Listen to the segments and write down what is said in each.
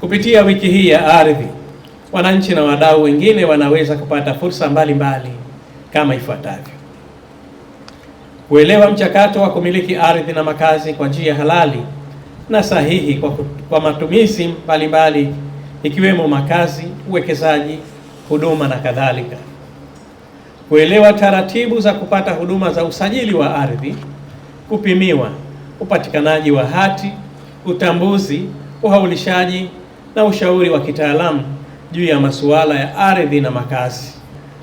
Kupitia wiki hii ya ardhi, wananchi na wadau wengine wanaweza kupata fursa mbalimbali mbali kama ifuatavyo: kuelewa mchakato wa kumiliki ardhi na makazi kwa njia halali na sahihi kwa, kwa matumizi mbalimbali ikiwemo makazi, uwekezaji, huduma na kadhalika. Kuelewa taratibu za kupata huduma za usajili wa ardhi, kupimiwa, upatikanaji wa hati, utambuzi, uhaulishaji na ushauri wa kitaalamu juu ya masuala ya ardhi na makazi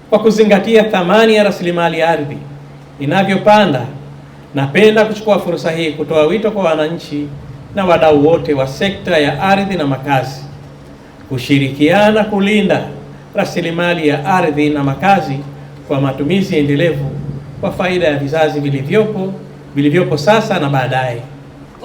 kwa kuzingatia thamani ya rasilimali ardhi inavyopanda. Napenda kuchukua fursa hii kutoa wito kwa wananchi na wadau wote wa sekta ya ardhi na makazi kushirikiana kulinda rasilimali ya ardhi na makazi kwa matumizi endelevu kwa faida ya vizazi vilivyopo vilivyopo sasa na baadaye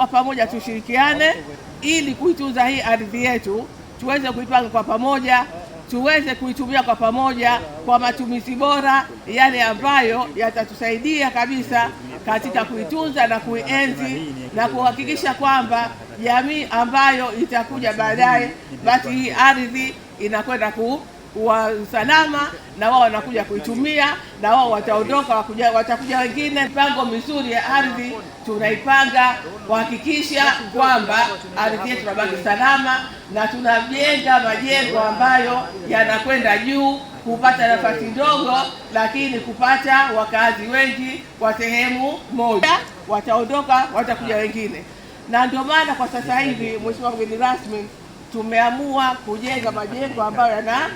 kwa pamoja tushirikiane ili kuitunza hii ardhi yetu, tuweze kuipanga kwa pamoja, tuweze kuitumia kwa pamoja kwa matumizi bora, yale ambayo yatatusaidia kabisa katika kuitunza na kuienzi na kuhakikisha kwamba jamii ambayo itakuja baadaye, basi hii ardhi inakwenda ku wa usalama, na wao wanakuja kuitumia, na wao wataondoka, watakuja wengine. Mipango mizuri ya ardhi tunaipanga kuhakikisha kwamba ardhi yetu inabaki salama, na tunajenga majengo ambayo yanakwenda juu kupata nafasi ndogo, lakini kupata wakazi wengi kwa sehemu moja. Wataondoka, watakuja wengine, na ndio maana kwa sasa hivi, Mheshimiwa mgeni rasmi, tumeamua kujenga majengo ambayo yana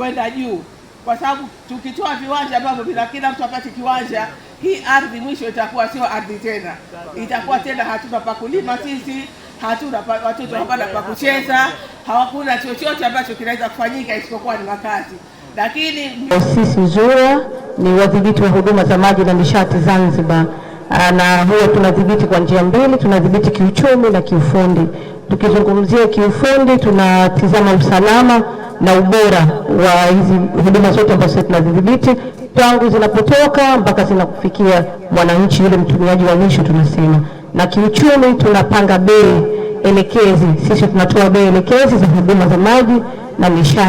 kwenda juu, kwa sababu tukitoa viwanja ambavyo bila kila mtu apate kiwanja, hii ardhi mwisho itakuwa sio ardhi tena, itakuwa tena hatuna pa kulima sisi, hatuna watoto hapana pa kucheza, hawakuna chochote ambacho kinaweza kufanyika isipokuwa ni makazi. Lakini sisi ZURA ni wadhibiti wa huduma za maji na nishati Zanzibar, ah, na huyo tunadhibiti kwa njia mbili, tunadhibiti kiuchumi na kiufundi. Tukizungumzia kiufundi, tunatizama usalama na ubora wa hizi huduma zote ambazo tunazidhibiti tangu zinapotoka mpaka zinakufikia mwananchi yule mtumiaji wa mwisho tunasema. Na kiuchumi tunapanga bei elekezi, sisi tunatoa bei elekezi za huduma za maji na nishati.